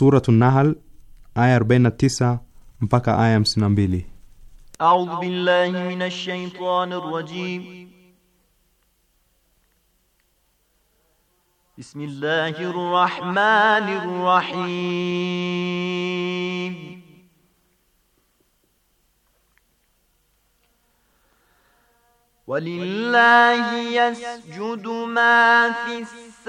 Suratu Nahl aya 49 mpaka aya 52. A'udhu billahi minash shaitanir rajim. Bismillahir rahmanir rahim. Walillahi yasjudu ma fis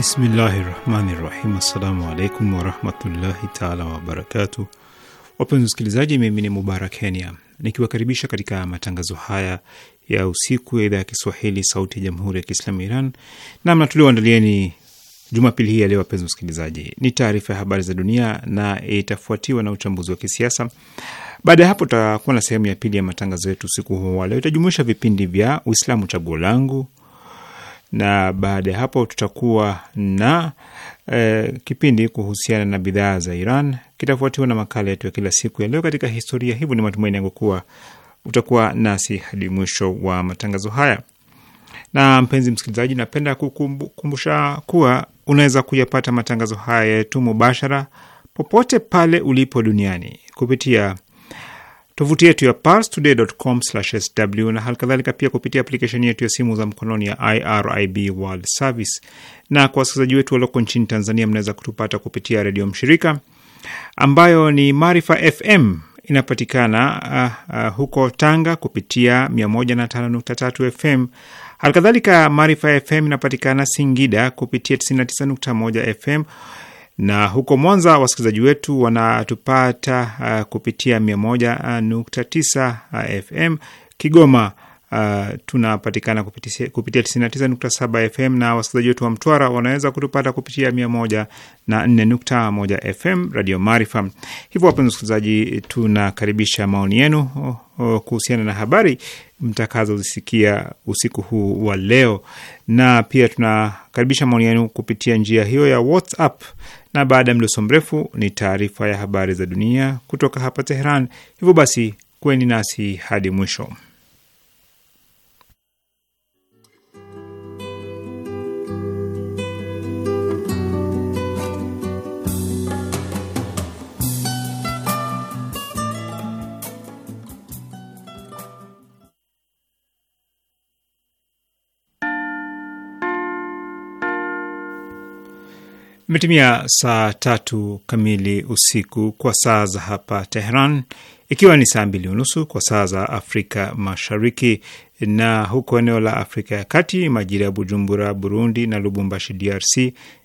Bismillahi rahmani rahim. Assalamu alaikum warahmatullahi taala wabarakatu. Wapenzi wasikilizaji, mimi ni Mubarak Kenya nikiwakaribisha katika matangazo haya ya usiku ya idhaa ya Kiswahili sauti ya jamhuri ya Kiislamu ya Iran. Namna tulioandalieni jumapili hii ya leo, wapenzi wasikilizaji, ni taarifa ya habari za dunia na itafuatiwa na uchambuzi wa kisiasa. Baada ya hapo, tutakuwa na sehemu ya pili ya matangazo yetu usiku huu wa leo, itajumuisha vipindi vya Uislamu chaguo langu na baada ya hapo tutakuwa na e, kipindi kuhusiana na bidhaa za Iran, kitafuatiwa na makala yetu ya kila siku ya leo katika historia. Hivyo ni matumaini yangu kuwa utakuwa nasi hadi mwisho wa matangazo haya. Na mpenzi msikilizaji, napenda kukumbusha kuwa unaweza kuyapata matangazo haya yetu mubashara popote pale ulipo duniani kupitia tovuti yetu ya parstoday.com/sw na halikadhalika pia kupitia aplikesheni yetu ya simu za mkononi ya IRIB World Service. Na kwa wasikilizaji wetu walioko nchini Tanzania, mnaweza kutupata kupitia redio mshirika ambayo ni Maarifa FM inapatikana uh, uh, huko Tanga kupitia 105.3 FM. Halikadhalika Maarifa FM inapatikana Singida kupitia 99.1 FM na huko Mwanza wasikilizaji wetu wanatupata uh, kupitia 101.9 uh, uh, FM, Kigoma Uh, tunapatikana kupitia 99.7 FM na wasikilizaji wetu wa Mtwara wanaweza kutupata kupitia 104.1 FM Radio Maarifa. Hivyo wapenzi wasikilizaji, tunakaribisha maoni yenu kuhusiana na habari mtakazozisikia usiku huu wa leo, na pia tunakaribisha maoni yenu kupitia njia hiyo ya WhatsApp. Na baada ya mdoso mrefu ni taarifa ya habari za dunia kutoka hapa Teheran. Hivyo basi, kweni nasi hadi mwisho. Imetimia saa tatu kamili usiku kwa saa za hapa Teheran, ikiwa ni saa mbili unusu kwa saa za Afrika Mashariki na huko eneo la Afrika ya Kati, majira ya Bujumbura Burundi na Lubumbashi DRC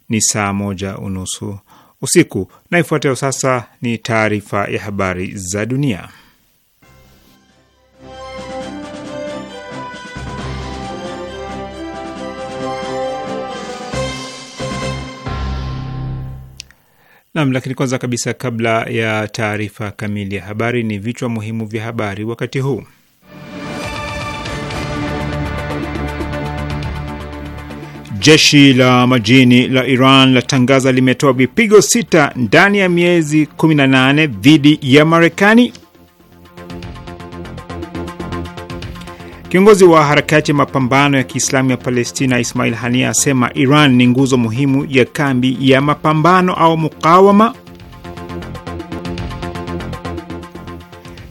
ni saa moja unusu usiku. Na ifuatayo sasa ni taarifa ya habari za dunia. Nam, lakini kwanza kabisa, kabla ya taarifa kamili ya habari, ni vichwa muhimu vya habari wakati huu. Jeshi la majini la Iran latangaza limetoa vipigo sita ndani ya miezi 18 dhidi ya Marekani. Kiongozi wa harakati ya mapambano ya Kiislamu ya Palestina Ismail Hania asema Iran ni nguzo muhimu ya kambi ya mapambano au mukawama.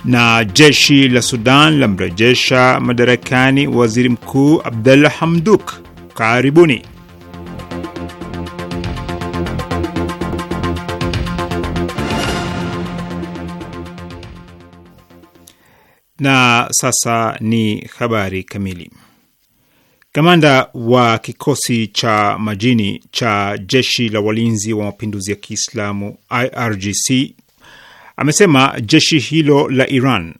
Na jeshi la Sudan lamrejesha madarakani waziri mkuu Abdalla Hamduk. Karibuni. Na sasa ni habari kamili. Kamanda wa kikosi cha majini cha jeshi la walinzi wa mapinduzi ya Kiislamu IRGC amesema jeshi hilo la Iran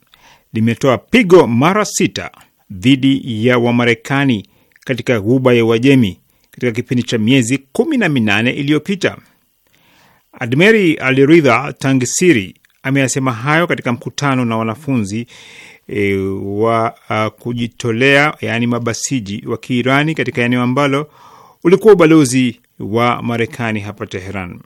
limetoa pigo mara sita dhidi ya Wamarekani katika ghuba ya Uajemi katika kipindi cha miezi kumi na minane iliyopita. Admeri Aliridha Tangisiri ameyasema hayo katika mkutano na wanafunzi e, wa a, kujitolea yaani mabasiji wa Kiirani katika eneo ambalo ulikuwa ubalozi wa Marekani hapa Teheran.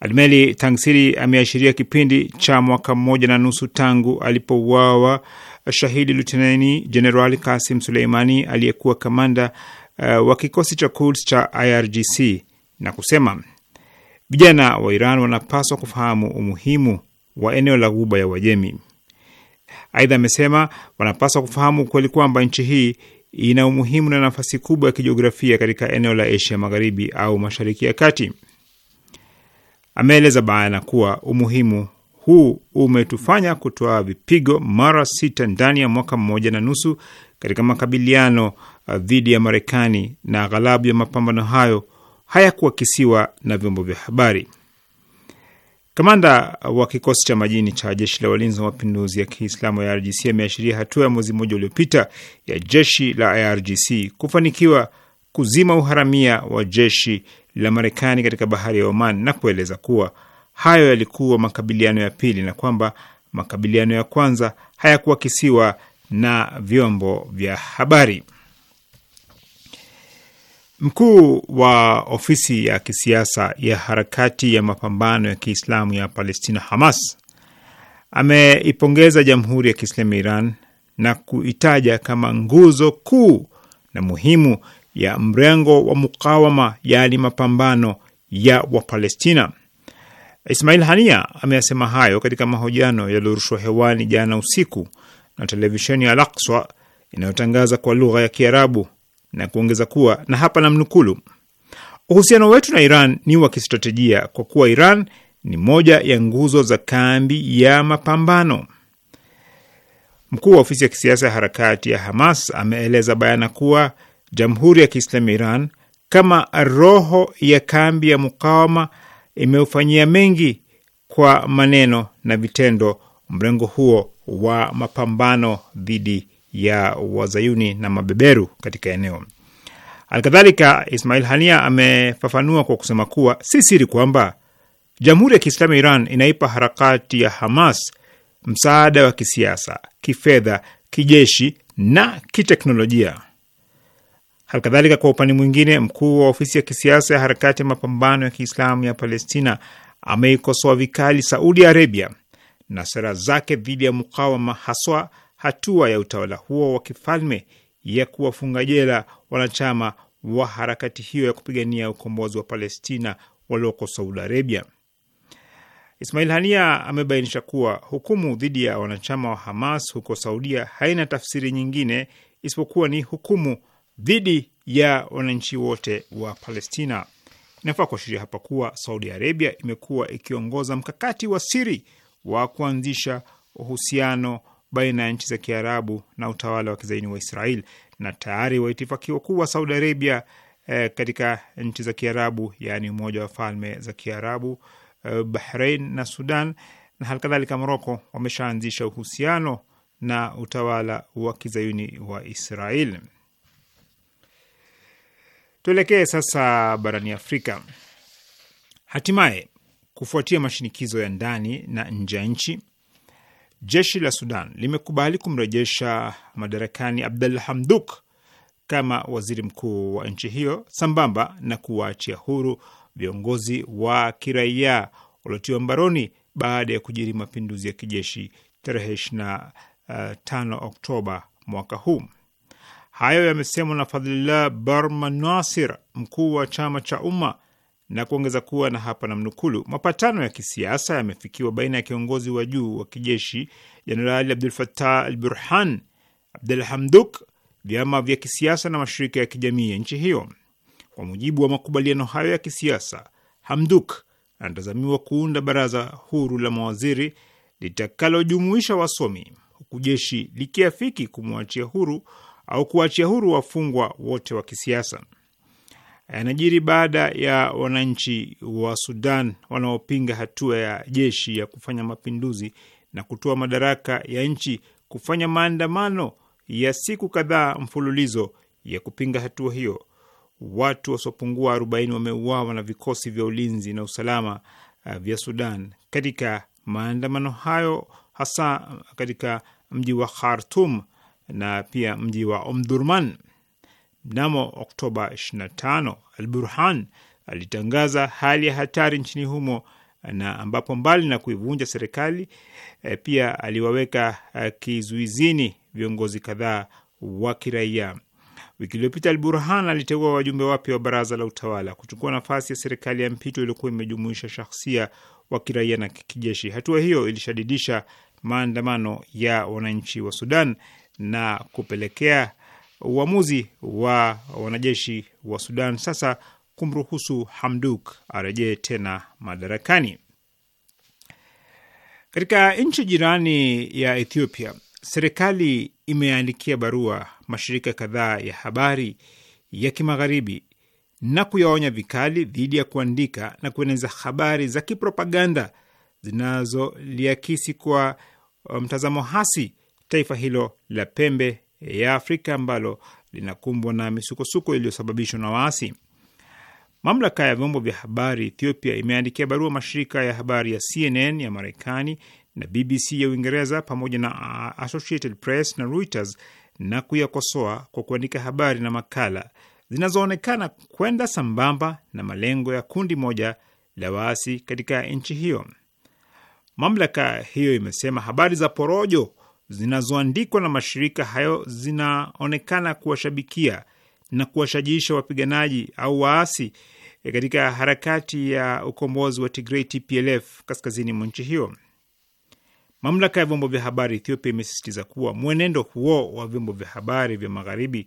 Almeli Tangsiri ameashiria kipindi cha mwaka mmoja na nusu tangu alipouawa shahidi Lutenani Jenerali Kasim Suleimani aliyekuwa kamanda uh, wa kikosi cha Quds cha IRGC na kusema vijana wa Iran wanapaswa kufahamu umuhimu wa eneo la Ghuba ya Uajemi. Aidha, amesema wanapaswa kufahamu ukweli kwamba nchi hii ina umuhimu na nafasi kubwa ya kijiografia katika eneo la Asia Magharibi au Mashariki ya Kati. Ameeleza bayana kuwa umuhimu huu umetufanya kutoa vipigo mara sita ndani ya mwaka mmoja na nusu katika makabiliano uh, dhidi ya Marekani, na ghalabu ya mapambano hayo hayakuakisiwa na vyombo vya habari. Kamanda wa kikosi cha majini cha jeshi la walinzi wa mapinduzi ya Kiislamu ya IRGC ameashiria hatua ya mwezi mmoja uliopita ya jeshi la IRGC kufanikiwa kuzima uharamia wa jeshi la Marekani katika bahari ya Oman na kueleza kuwa hayo yalikuwa makabiliano ya pili na kwamba makabiliano ya kwanza hayakuakisiwa na vyombo vya habari. Mkuu wa ofisi ya kisiasa ya harakati ya mapambano ya Kiislamu ya Palestina, Hamas, ameipongeza Jamhuri ya Kiislamu ya Iran na kuitaja kama nguzo kuu na muhimu ya mrengo wa mukawama, yaani mapambano ya Wapalestina. Ismail Hania ameyasema hayo katika mahojiano yaliyorushwa hewani jana usiku na televisheni ya Al-Aqsa inayotangaza kwa lugha ya Kiarabu na kuongeza kuwa, na hapa namnukulu, uhusiano wetu na Iran ni wa kistratejia kwa kuwa Iran ni moja ya nguzo za kambi ya mapambano. Mkuu wa ofisi ya kisiasa ya harakati ya Hamas ameeleza bayana kuwa Jamhuri ya Kiislamu ya Iran kama roho ya kambi ya mukawama imeufanyia mengi kwa maneno na vitendo mrengo huo wa mapambano dhidi ya wazayuni na mabeberu katika eneo. Alkadhalika, Ismail Hania amefafanua kwa kusema kuwa si siri kwamba Jamhuri ya Kiislamu ya Iran inaipa harakati ya Hamas msaada wa kisiasa, kifedha, kijeshi na kiteknolojia. Halikadhalika, kwa upande mwingine, mkuu wa ofisi ya kisiasa ya harakati ya mapambano ya Kiislamu ya Palestina ameikosoa vikali Saudi Arabia na sera zake dhidi ya mukawama, haswa hatua ya utawala huo wa kifalme ya kuwafunga jela wanachama wa harakati hiyo ya kupigania ukombozi wa Palestina walioko Saudi Arabia. Ismail Hania amebainisha kuwa hukumu dhidi ya wanachama wa Hamas huko Saudia haina tafsiri nyingine isipokuwa ni hukumu dhidi ya wananchi wote wa Palestina. Inafaa kuashiria hapa kuwa Saudi Arabia imekuwa ikiongoza mkakati wa siri wa kuanzisha uhusiano baina ya nchi za Kiarabu na utawala wa kizaini wa Israel, na tayari waitifakiwa kuwa wa Saudi Arabia eh, katika nchi za Kiarabu, yaani Umoja wa Falme za Kiarabu, eh, Bahrain na Sudan na halikadhalika Moroko wameshaanzisha uhusiano na utawala wa kizayuni wa Israel. Tuelekee sasa barani Afrika. Hatimaye, kufuatia mashinikizo ya ndani na nje ya nchi, jeshi la Sudan limekubali kumrejesha madarakani Abdul Hamduk kama waziri mkuu wa nchi hiyo sambamba na kuwaachia huru viongozi wa kiraia waliotiwa mbaroni baada ya kujiri mapinduzi ya kijeshi tarehe 25 eh, Oktoba mwaka huu. Hayo yamesemwa na Fadhlillah Barmanasir, mkuu wa chama cha Umma na kuongeza kuwa na hapa na mnukulu, mapatano ya kisiasa yamefikiwa baina ya kiongozi wa juu wa kijeshi Jenerali Abdul fatah al Burhan, Abdul Hamduk, vyama vya kisiasa na mashirika ya kijamii ya nchi hiyo. Kwa mujibu wa makubaliano hayo ya kisiasa, Hamduk anatazamiwa kuunda baraza huru la mawaziri litakalojumuisha wasomi, huku jeshi likiafiki kumwachia huru au kuachia huru wafungwa wote wa kisiasa yanajiri baada ya wananchi wa Sudan wanaopinga hatua ya jeshi ya kufanya mapinduzi na kutoa madaraka ya nchi kufanya maandamano ya siku kadhaa mfululizo ya kupinga hatua hiyo. Watu wasiopungua 40 wameuawa na vikosi vya ulinzi na usalama uh, vya Sudan katika maandamano hayo, hasa katika mji wa Khartum na pia mji wa Omdurman. Mnamo Oktoba 25 Al Burhan alitangaza hali ya hatari nchini humo na ambapo mbali na kuivunja serikali e, pia aliwaweka e, kizuizini viongozi kadhaa wa kiraia. Wiki iliyopita Al Burhan aliteua wajumbe wapya wa baraza la utawala kuchukua nafasi ya serikali ya mpito iliyokuwa imejumuisha shahsia wa kiraia na kijeshi. Hatua hiyo ilishadidisha maandamano ya wananchi wa Sudan na kupelekea uamuzi wa wanajeshi wa Sudan sasa kumruhusu Hamduk arejee tena madarakani. Katika nchi jirani ya Ethiopia, serikali imeandikia barua mashirika kadhaa ya habari ya kimagharibi na kuyaonya vikali dhidi ya kuandika na kueneza habari za kipropaganda zinazoliakisi kwa um, mtazamo hasi taifa hilo la pembe ya Afrika ambalo linakumbwa na misukosuko iliyosababishwa na waasi. Mamlaka ya vyombo vya habari Ethiopia imeandikia barua mashirika ya habari ya CNN ya Marekani na BBC ya Uingereza pamoja na Associated Press na Reuters na kuyakosoa kwa kuandika habari na makala zinazoonekana kwenda sambamba na malengo ya kundi moja la waasi katika nchi hiyo. Mamlaka hiyo imesema habari za porojo zinazoandikwa na mashirika hayo zinaonekana kuwashabikia na kuwashajiisha wapiganaji au waasi eh, katika harakati ya ukombozi wa Tigray TPLF kaskazini mwa nchi hiyo. Mamlaka ya vyombo vya habari Ethiopia imesisitiza kuwa mwenendo huo wa vyombo vya habari vya magharibi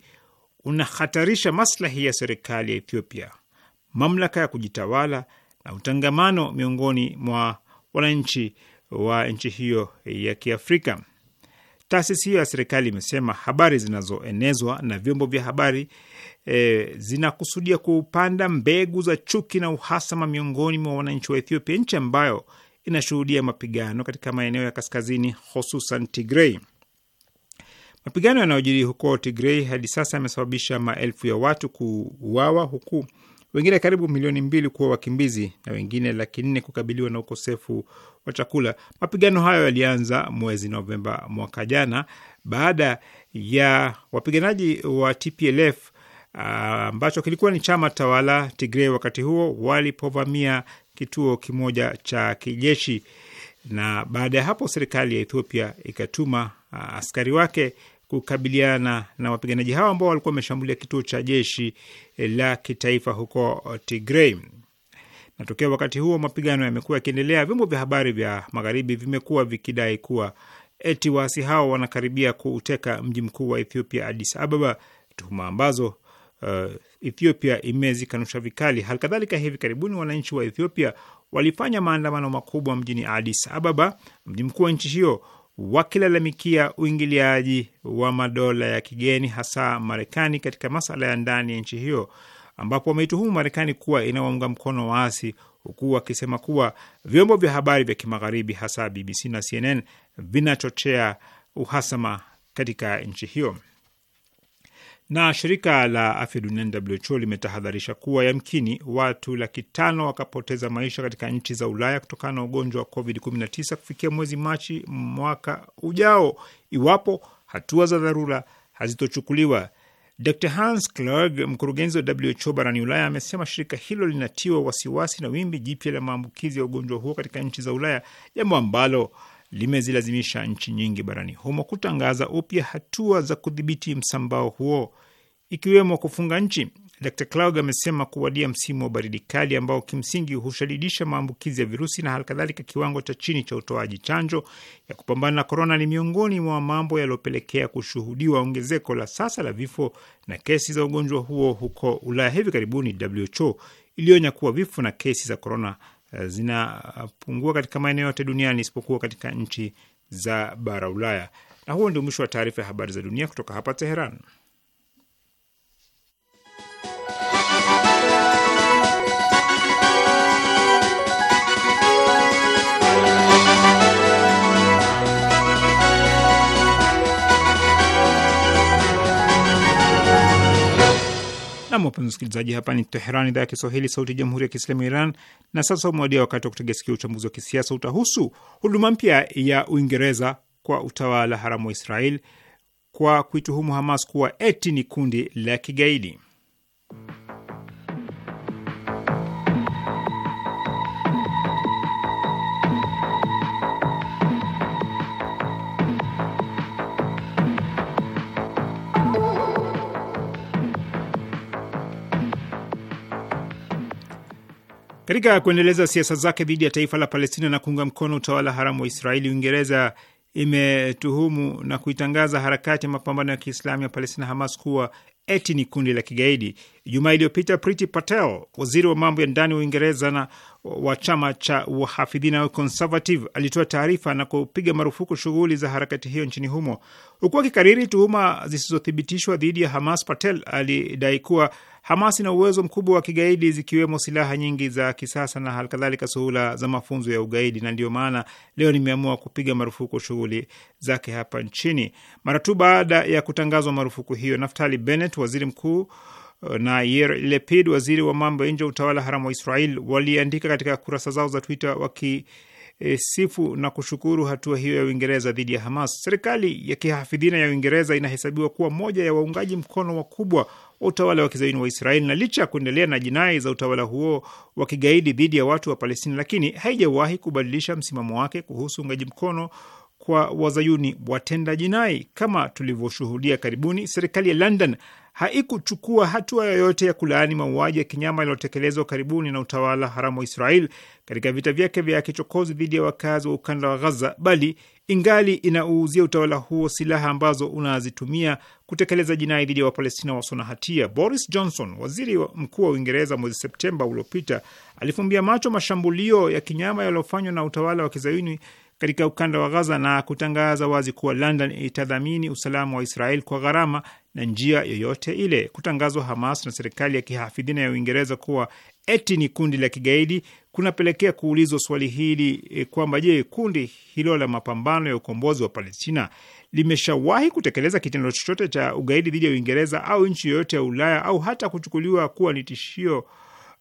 unahatarisha maslahi ya serikali ya Ethiopia, mamlaka ya kujitawala na utangamano miongoni mwa wananchi wa nchi hiyo ya Kiafrika. Taasisi hiyo ya serikali imesema habari zinazoenezwa na vyombo vya habari e, zinakusudia kupanda mbegu za chuki na uhasama miongoni mwa wananchi wa Ethiopia, nchi ambayo inashuhudia mapigano katika maeneo ya kaskazini, hususan Tigrei. Mapigano yanayojiri huko Tigrei hadi sasa yamesababisha maelfu ya watu kuuawa huku wengine karibu milioni mbili kuwa wakimbizi na wengine laki nne kukabiliwa na ukosefu wa chakula. Mapigano hayo yalianza mwezi Novemba mwaka jana baada ya wapiganaji wa TPLF ah, ambacho uh, kilikuwa ni chama tawala Tigray wakati huo walipovamia kituo kimoja cha kijeshi, na baada ya hapo serikali ya Ethiopia ikatuma uh, askari wake kukabiliana na wapiganaji hao ambao walikuwa wameshambulia kituo cha jeshi eh, la kitaifa huko Tigray na tokea wakati huo mapigano yamekuwa yakiendelea. Vyombo vya habari vya magharibi vimekuwa vikidai kuwa eti waasi hao wanakaribia kuuteka mji mkuu wa Ethiopia, Addis Ababa, tuhuma ambazo uh, Ethiopia imezikanusha vikali. Halikadhalika, hivi karibuni wananchi wa Ethiopia walifanya maandamano makubwa mjini Addis Ababa, mji mkuu wa nchi hiyo, wakilalamikia uingiliaji wa madola ya kigeni, hasa Marekani, katika masala ya ndani ya nchi hiyo ambapo wameituhumu Marekani kuwa inawaunga mkono waasi, huku wakisema kuwa vyombo vya habari vya kimagharibi hasa BBC na CNN vinachochea uhasama katika nchi hiyo. Na shirika la afya duniani WHO limetahadharisha kuwa yamkini watu laki tano wakapoteza maisha katika nchi za Ulaya kutokana na ugonjwa wa COVID-19 kufikia mwezi Machi mwaka ujao iwapo hatua za dharura hazitochukuliwa. Dr Hans Klug, mkurugenzi wa WHO barani Ulaya, amesema shirika hilo linatiwa wasiwasi na wimbi jipya la maambukizi ya ugonjwa huo katika nchi za Ulaya, jambo ambalo limezilazimisha nchi nyingi barani humo kutangaza upya hatua za kudhibiti msambao huo, ikiwemo kufunga nchi. Dr Cloug amesema kuwadia msimu wa baridi kali ambao kimsingi hushadidisha maambukizi ya virusi na halikadhalika kiwango cha chini cha utoaji chanjo ya kupambana na korona ni miongoni mwa mambo yaliyopelekea kushuhudiwa ongezeko la sasa la vifo na kesi za ugonjwa huo huko Ulaya. Hivi karibuni WHO ilionya kuwa vifo na kesi za korona eh, zinapungua katika maeneo yote duniani isipokuwa katika nchi za bara Ulaya. Na huo ndio mwisho wa taarifa ya habari za dunia kutoka hapa Teheran. Wapenzi msikilizaji, hapa ni Teheran, idhaa ya Kiswahili, sauti ya jamhuri ya kiislamu ya Iran. Na sasa umewadia wakati wa kutega sikio. Uchambuzi wa kisiasa utahusu huduma mpya ya Uingereza kwa utawala haramu wa Israel kwa kuituhumu Hamas kuwa eti ni kundi la kigaidi. Katika kuendeleza siasa zake dhidi ya taifa la Palestina na kuunga mkono utawala haramu wa Israeli, Uingereza imetuhumu na kuitangaza harakati ya mapambano ya Kiislamu ya Palestina, Hamas, kuwa eti ni kundi la kigaidi. Jumaa iliyopita Priti Patel, waziri wa mambo ya ndani wa Uingereza na wa chama cha uhafidhina wa Conservative, alitoa taarifa na kupiga marufuku shughuli za harakati hiyo nchini humo, huku akikariri tuhuma zisizothibitishwa dhidi ya Hamas. Patel alidai kuwa Hamas ina uwezo mkubwa wa kigaidi, zikiwemo silaha nyingi za kisasa na halikadhalika suhula za mafunzo ya ugaidi, na ndiyo maana leo nimeamua kupiga marufuku shughuli zake hapa nchini. Mara tu baada ya kutangazwa marufuku hiyo, Naftali Bennett, waziri mkuu na Yair Lapid, waziri wa mambo ya nje wa utawala haramu wa Israel, waliandika katika kurasa zao za Twitter waki E, sifu na kushukuru hatua hiyo ya Uingereza dhidi ya Hamas. Serikali ya kihafidhina ya Uingereza inahesabiwa kuwa moja ya waungaji mkono wakubwa wa utawala wa kizayuni wa Israeli, na licha ya kuendelea na jinai za utawala huo wa kigaidi dhidi ya watu wa Palestina, lakini haijawahi kubadilisha msimamo wake kuhusu uungaji mkono kwa wazayuni watenda jinai. Kama tulivyoshuhudia karibuni, serikali ya London haikuchukua hatua yoyote ya kulaani mauaji ya kinyama yaliyotekelezwa karibuni na utawala haramu wa Israel katika vita vyake vya kichokozi dhidi ya wakazi wa ukanda wa Ghaza, bali ingali inauuzia utawala huo silaha ambazo unazitumia kutekeleza jinai dhidi ya Wapalestina wasona hatia. Boris Johnson, waziri mkuu wa Uingereza, mwezi Septemba uliopita alifumbia macho mashambulio ya kinyama yaliyofanywa na utawala wa kizayuni katika ukanda wa Gaza na kutangaza wazi kuwa London itadhamini usalama wa Israel kwa gharama na njia yoyote ile. Kutangazwa Hamas na serikali ya kihafidhina ya Uingereza kuwa eti ni kundi la kigaidi kunapelekea kuulizwa swali hili e, kwamba je, kundi hilo la mapambano ya ukombozi wa Palestina limeshawahi kutekeleza kitendo chochote cha ugaidi dhidi ya Uingereza au nchi yoyote ya Ulaya au hata kuchukuliwa kuwa ni tishio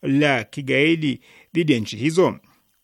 la kigaidi dhidi ya nchi hizo?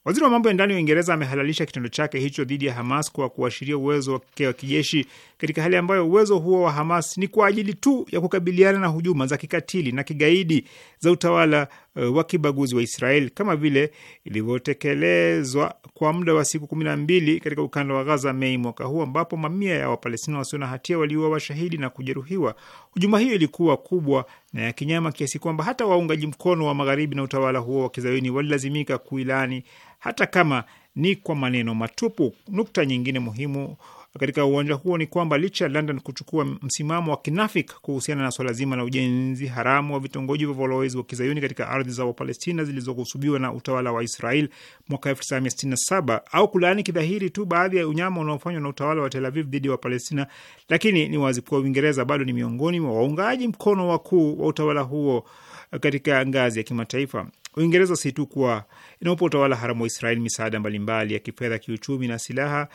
Waziri wa mambo ya ndani wa Uingereza amehalalisha kitendo chake hicho dhidi ya Hamas kwa kuashiria uwezo wake wa kijeshi katika hali ambayo uwezo huo wa Hamas ni kwa ajili tu ya kukabiliana na hujuma za kikatili na kigaidi za utawala Eh, wa kibaguzi wa Israel kama vile ilivyotekelezwa kwa muda wa siku kumi na mbili katika ukanda wa Gaza Mei mwaka huu, ambapo mamia ya Wapalestina wasio na hatia waliuawa washahidi na kujeruhiwa. Hujuma hiyo ilikuwa kubwa na ya kinyama kiasi kwamba hata waungaji mkono wa Magharibi na utawala huo wa kizayuni walilazimika kuilani hata kama ni kwa maneno matupu. Nukta nyingine muhimu katika uwanja huo ni kwamba licha ya London kuchukua msimamo wa kinafik kuhusiana na swala zima la ujenzi haramu wa vitongoji vya walowezi wa kizayuni katika ardhi za Wapalestina zilizohusubiwa na utawala wa Israel mwaka 1967 au kulaani kidhahiri tu baadhi ya unyama unaofanywa na utawala wa Tel Aviv dhidi ya Wapalestina, lakini ni wazi kuwa Uingereza bado ni miongoni mwa waungaji mkono wakuu wa utawala huo katika ngazi ya kimataifa. Uingereza si tu kuwa inaupa utawala haramu wa Israel misaada mbalimbali ya kifedha, kiuchumi na silaha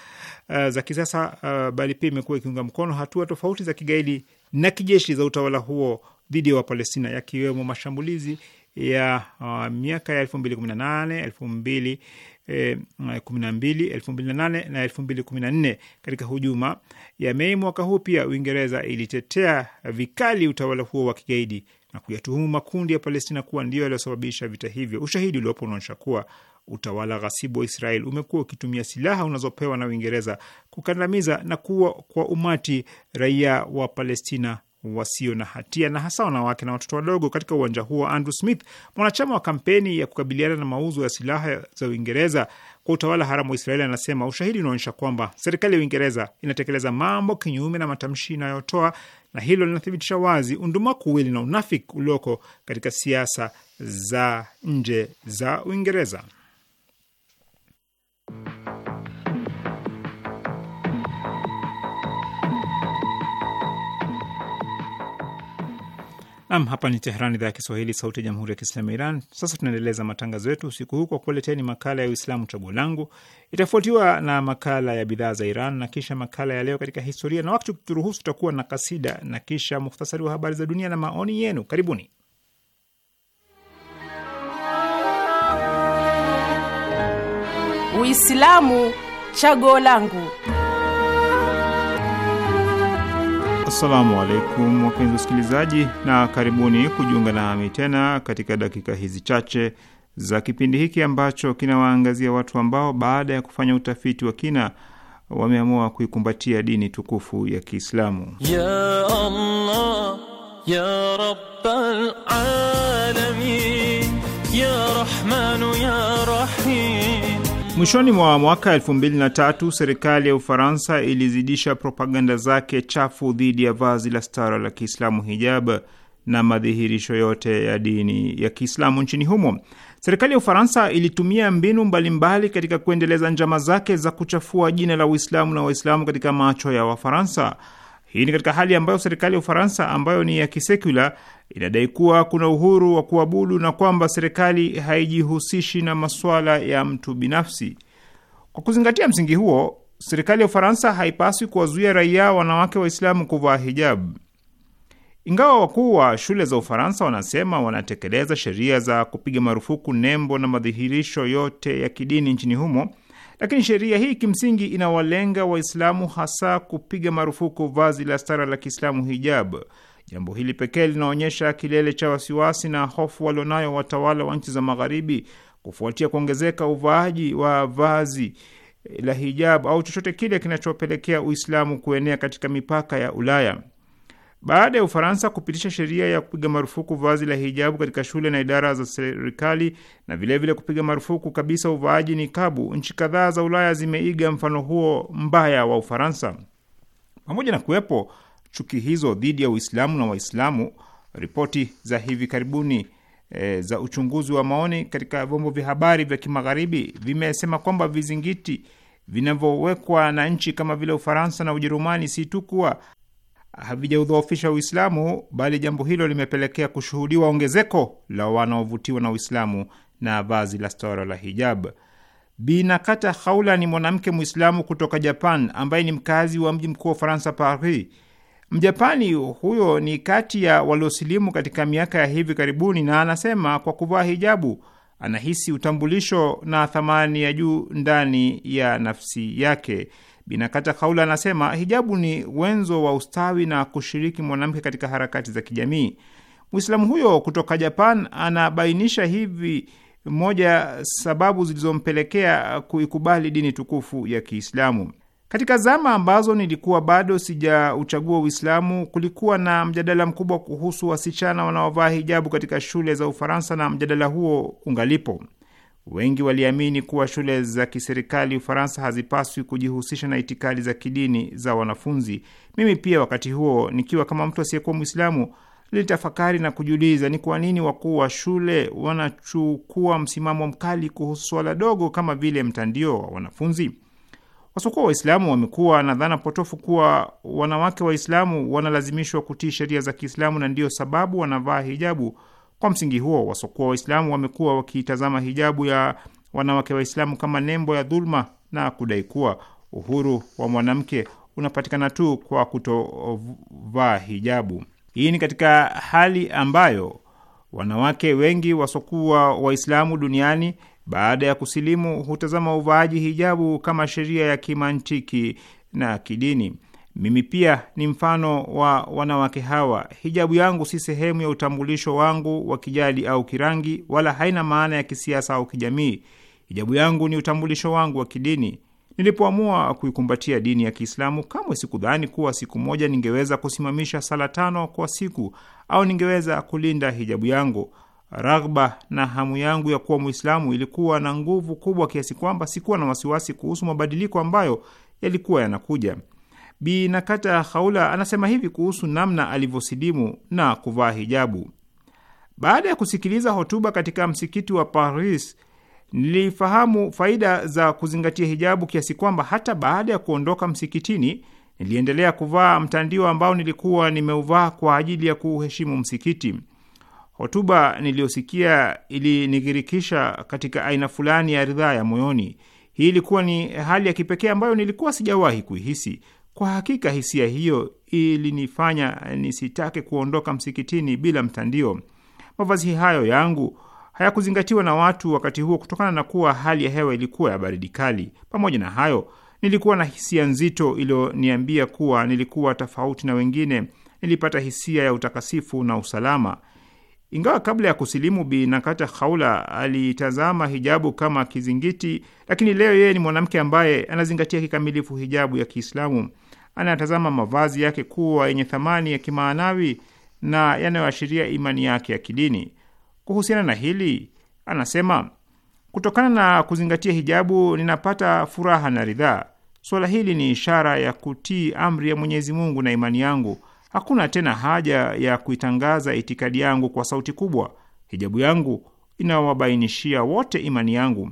uh, za kisasa uh, bali pia imekuwa ikiunga mkono hatua tofauti za kigaidi na kijeshi za utawala huo dhidi ya Wapalestina, yakiwemo mashambulizi ya uh, miaka ya elfu mbili kumi na nane elfu mbili eh, kumi na mbili elfu mbili na nane na elfu mbili kumi na nne Katika hujuma ya Mei mwaka huu pia Uingereza ilitetea vikali utawala huo wa kigaidi na kuyatuhumu makundi ya Palestina kuwa ndiyo yaliyosababisha vita hivyo. Ushahidi uliopo unaonyesha kuwa utawala ghasibu wa Israel umekuwa ukitumia silaha unazopewa na Uingereza kukandamiza na kuwa kwa umati raia wa Palestina wasio na hatia na hasa wanawake na watoto wadogo. Katika uwanja huo, Andrew Smith, mwanachama wa kampeni ya kukabiliana na mauzo ya silaha za Uingereza kwa utawala haramu wa Israeli, anasema ushahidi unaonyesha kwamba serikali ya Uingereza inatekeleza mambo kinyume na matamshi inayotoa na hilo linathibitisha wazi undumakuwili na unafiki ulioko katika siasa za nje za Uingereza. Nam, hapa ni Teheran, idhaa ya Kiswahili, sauti ya jamhuri ya kiislamu ya Iran. Sasa tunaendeleza matangazo yetu usiku huu kwa kuleteni makala ya Uislamu chaguo langu, itafuatiwa na makala ya bidhaa za Iran na kisha makala ya leo katika historia, na wakati ukituruhusu tutakuwa na kasida na kisha muhtasari wa habari za dunia na maoni yenu. Karibuni. Uislamu chaguo langu. Assalamu alaikum wapenzi wasikilizaji, na karibuni kujiunga nami tena katika dakika hizi chache za kipindi hiki ambacho kinawaangazia watu ambao baada ya kufanya utafiti wa kina wameamua kuikumbatia dini tukufu ya Kiislamu. Ya Allah, ya Rabbal alamin, ya Rahmanu, ya Mwishoni mwa mwaka 23 serikali ya Ufaransa ilizidisha propaganda zake chafu dhidi ya vazi la stara la Kiislamu, hijab, na madhihirisho yote ya dini ya Kiislamu nchini humo. Serikali ya Ufaransa ilitumia mbinu mbalimbali katika kuendeleza njama zake za kuchafua jina la Uislamu na Waislamu katika macho ya Wafaransa. Hii ni katika hali ambayo serikali ya Ufaransa ambayo ni ya kisekula inadai kuwa kuna uhuru wa kuabudu na kwamba serikali haijihusishi na masuala ya mtu binafsi. Kwa kuzingatia msingi huo, serikali ya Ufaransa haipaswi kuwazuia raia wanawake Waislamu kuvaa hijabu. Ingawa wakuu wa shule za Ufaransa wanasema wanatekeleza sheria za kupiga marufuku nembo na madhihirisho yote ya kidini nchini humo, lakini sheria hii kimsingi inawalenga Waislamu hasa kupiga marufuku vazi la stara la Kiislamu, hijab. Jambo hili pekee linaonyesha kilele cha wasiwasi na hofu walionayo watawala wa nchi za Magharibi kufuatia kuongezeka uvaaji wa vazi la hijab au chochote kile kinachopelekea Uislamu kuenea katika mipaka ya Ulaya. Baada ya Ufaransa kupitisha sheria ya kupiga marufuku vazi la hijabu katika shule na idara za serikali na vilevile vile kupiga marufuku kabisa uvaaji nikabu, nchi kadhaa za Ulaya zimeiga mfano huo mbaya wa Ufaransa. Pamoja na kuwepo chuki hizo dhidi ya Uislamu na Waislamu, ripoti za hivi karibuni e, za uchunguzi wa maoni katika vyombo vya habari vya kimagharibi vimesema kwamba vizingiti vinavyowekwa na nchi kama vile Ufaransa na Ujerumani si tu kuwa havijaudhoofisha Uislamu, bali jambo hilo limepelekea kushuhudiwa ongezeko la wanaovutiwa na Uislamu na vazi la stara la hijab. Binakata Haula ni mwanamke Mwislamu kutoka Japan ambaye ni mkazi wa mji mkuu wa Faransa, Paris. Mjapani huyo ni kati ya waliosilimu katika miaka ya hivi karibuni, na anasema kwa kuvaa hijabu anahisi utambulisho na thamani ya juu ndani ya nafsi yake. Binakata Kaula anasema hijabu ni wenzo wa ustawi na kushiriki mwanamke katika harakati za kijamii. Mwislamu huyo kutoka Japan anabainisha hivi moja sababu zilizompelekea kuikubali dini tukufu ya Kiislamu. Katika zama ambazo nilikuwa bado sijauchagua Uislamu, kulikuwa na mjadala mkubwa kuhusu wasichana wanaovaa hijabu katika shule za Ufaransa, na mjadala huo ungalipo. Wengi waliamini kuwa shule za kiserikali Ufaransa hazipaswi kujihusisha na itikadi za kidini za wanafunzi. Mimi pia wakati huo nikiwa kama mtu asiyekuwa Mwislamu nilitafakari na kujiuliza ni kwa nini wakuu wa shule wanachukua msimamo mkali kuhusu swala dogo kama vile mtandio wa wanafunzi. Wasiokuwa Waislamu wamekuwa na dhana potofu kuwa wanawake Waislamu wanalazimishwa kutii sheria za Kiislamu na ndiyo sababu wanavaa hijabu. Kwa msingi huo, wasokuwa Waislamu wamekuwa wakitazama hijabu ya wanawake Waislamu kama nembo ya dhuluma na kudai kuwa uhuru wa mwanamke unapatikana tu kwa kutovaa hijabu. Hii ni katika hali ambayo wanawake wengi wasokuwa Waislamu duniani baada ya kusilimu hutazama uvaaji hijabu kama sheria ya kimantiki na kidini. Mimi pia ni mfano wa wanawake hawa. Hijabu yangu si sehemu ya utambulisho wangu wa kijadi au kirangi, wala haina maana ya kisiasa au kijamii. Hijabu yangu ni utambulisho wangu wa kidini. Nilipoamua kuikumbatia dini ya Kiislamu, kamwe sikudhani kuwa siku moja ningeweza kusimamisha sala tano kwa siku au ningeweza kulinda hijabu yangu. Raghba na hamu yangu ya kuwa Mwislamu ilikuwa na nguvu kubwa kiasi kwamba sikuwa na wasiwasi kuhusu mabadiliko ambayo yalikuwa yanakuja. Bi Nakata Haula anasema hivi kuhusu namna alivyosilimu na kuvaa hijabu. Baada ya kusikiliza hotuba katika msikiti wa Paris, nilifahamu faida za kuzingatia hijabu kiasi kwamba hata baada ya kuondoka msikitini niliendelea kuvaa mtandio ambao nilikuwa nimeuvaa kwa ajili ya kuuheshimu msikiti. Hotuba niliyosikia ilinigirikisha katika aina fulani ya ridhaa ya moyoni. Hii ilikuwa ni hali ya kipekee ambayo nilikuwa sijawahi kuihisi. Kwa hakika hisia hiyo ilinifanya nisitake kuondoka msikitini bila mtandio. Mavazi hayo yangu hayakuzingatiwa na watu wakati huo kutokana na kuwa hali ya hewa ilikuwa ya baridi kali. Pamoja na hayo, nilikuwa na hisia nzito iliyoniambia kuwa nilikuwa tofauti na wengine. Nilipata hisia ya utakasifu na usalama. Ingawa kabla ya kusilimu, Bi Nakata Khaula alitazama hijabu kama kizingiti, lakini leo yeye ni mwanamke ambaye anazingatia kikamilifu hijabu ya Kiislamu anayatazama mavazi yake kuwa yenye thamani ya kimaanawi na yanayoashiria imani yake ya kidini. Kuhusiana na hili anasema, kutokana na kuzingatia hijabu ninapata furaha na ridhaa. Suala hili ni ishara ya kutii amri ya Mwenyezi Mungu na imani yangu. Hakuna tena haja ya kuitangaza itikadi yangu kwa sauti kubwa. Hijabu yangu inawabainishia wote imani yangu.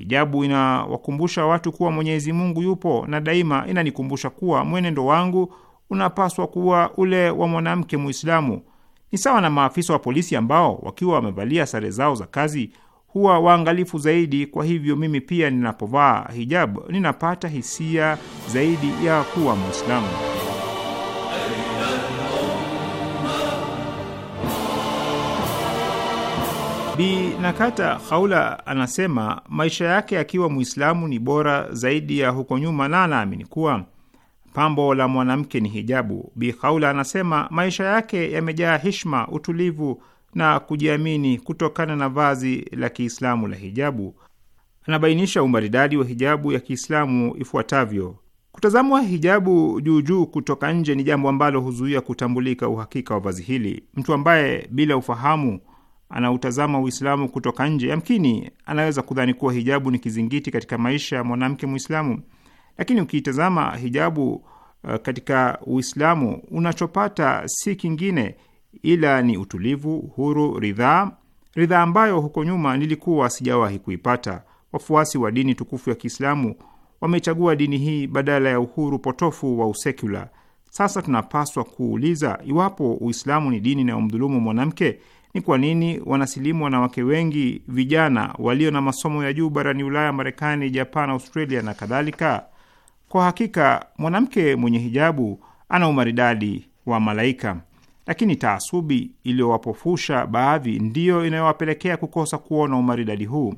Hijabu inawakumbusha watu kuwa Mwenyezi Mungu yupo na daima inanikumbusha kuwa mwenendo wangu unapaswa kuwa ule wa mwanamke Muislamu. Ni sawa na maafisa wa polisi ambao wakiwa wamevalia sare zao za kazi huwa waangalifu zaidi. Kwa hivyo mimi pia ninapovaa hijabu ninapata hisia zaidi ya kuwa Muislamu. Bi Nakata Haula anasema maisha yake akiwa Mwislamu ni bora zaidi ya huko nyuma, na anaamini kuwa pambo la mwanamke ni hijabu. Bi Haula anasema maisha yake yamejaa hishma, utulivu na kujiamini kutokana na vazi la Kiislamu la hijabu. Anabainisha umaridadi wa hijabu ya Kiislamu ifuatavyo: Kutazamwa hijabu juujuu kutoka nje ni jambo ambalo huzuia kutambulika uhakika wa vazi hili. Mtu ambaye bila ufahamu anautazama Uislamu kutoka nje, yamkini anaweza kudhani kuwa hijabu ni kizingiti katika maisha ya mwanamke Muislamu, lakini ukiitazama hijabu eh, katika Uislamu unachopata si kingine ila ni utulivu, huru, ridhaa, ridhaa ambayo huko nyuma nilikuwa sijawahi kuipata. Wafuasi wa dini tukufu ya Kiislamu wamechagua dini hii badala ya uhuru potofu wa usekula. Sasa tunapaswa kuuliza iwapo Uislamu ni dini inayomdhulumu mwanamke ni kwa nini wanasilimu wanawake wengi vijana walio na masomo ya juu barani Ulaya, Marekani, Japan, Australia na kadhalika. Kwa hakika mwanamke mwenye hijabu ana umaridadi wa malaika, lakini taasubi iliyowapofusha baadhi ndiyo inayowapelekea kukosa kuona umaridadi huu.